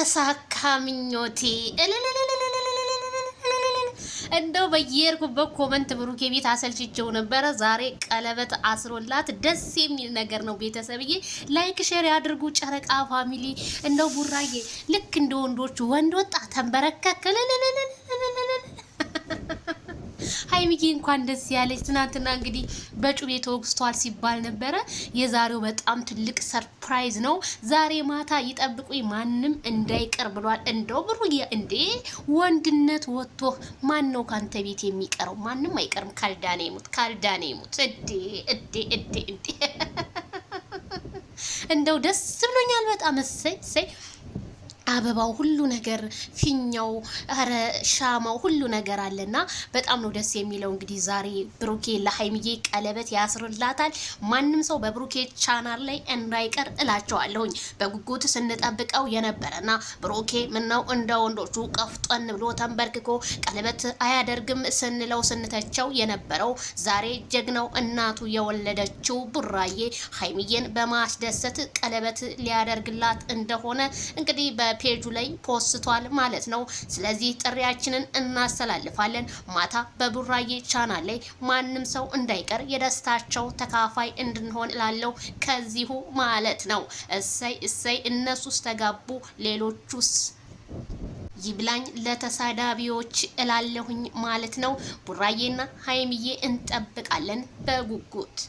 ተሳካ ምኞቴ። እንደው በየሄድኩበት ኮመንት ብሩኬ ቤት አሰልችቸው ነበረ። ዛሬ ቀለበት አስሮላት ደስ የሚል ነገር ነው። ቤተሰብዬ ላይክ ሼር ያድርጉ። ጨረቃ ፋሚሊ እንደው ቡራዬ ልክ እንደ ወንዶቹ ወንድ ወጣ ተንበረከክ ሀይሚዬ እንኳን ደስ ያለች። ትናንትና እንግዲህ በጩቤ ተወግዝቷል ሲባል ነበረ። የዛሬው በጣም ትልቅ ሰርፕራይዝ ነው። ዛሬ ማታ ይጠብቁኝ፣ ማንም እንዳይቀር ብሏል። እንደው ብሩዬ እንዴ ወንድነት ወጥቶ ማን ነው ካንተ ቤት የሚቀረው? ማንም አይቀርም። ካልዳነ ይሙት፣ ካልዳነ ይሙት። እዴ እዴ እዴ እንዴ እንደው ደስ ብሎኛል በጣም እሰይ እሰይ አበባው ሁሉ ነገር ፊኛው፣ ኧረ ሻማው ሁሉ ነገር አለና በጣም ነው ደስ የሚለው። እንግዲህ ዛሬ ብሩኬ ለሀይሚዬ ቀለበት ያስርላታል። ማንም ሰው በብሩኬ ቻናል ላይ እንዳይቀር እላቸዋለሁኝ። በጉጉት ስንጠብቀው የነበረና ብሩኬ ምነው እንደ ወንዶቹ ቀፍጠን ብሎ ተንበርክኮ ቀለበት አያደርግም ስንለው ስንተቸው የነበረው ዛሬ ጀግናው እናቱ የወለደችው ቡራዬ ሀይሚዬን በማስደሰት ቀለበት ሊያደርግላት እንደሆነ እንግዲህ በፔጁ ላይ ፖስቷል ማለት ነው። ስለዚህ ጥሪያችንን እናስተላልፋለን። ማታ በቡራዬ ቻናል ላይ ማንም ሰው እንዳይቀር የደስታቸው ተካፋይ እንድንሆን እላለሁ። ከዚሁ ማለት ነው። እሰይ እሰይ! እነሱስ ተጋቡ፣ ሌሎቹስ ይብላኝ ለተሳዳቢዎች እላለሁኝ ማለት ነው። ቡራዬና ሀይሚዬ እንጠብቃለን በጉጉት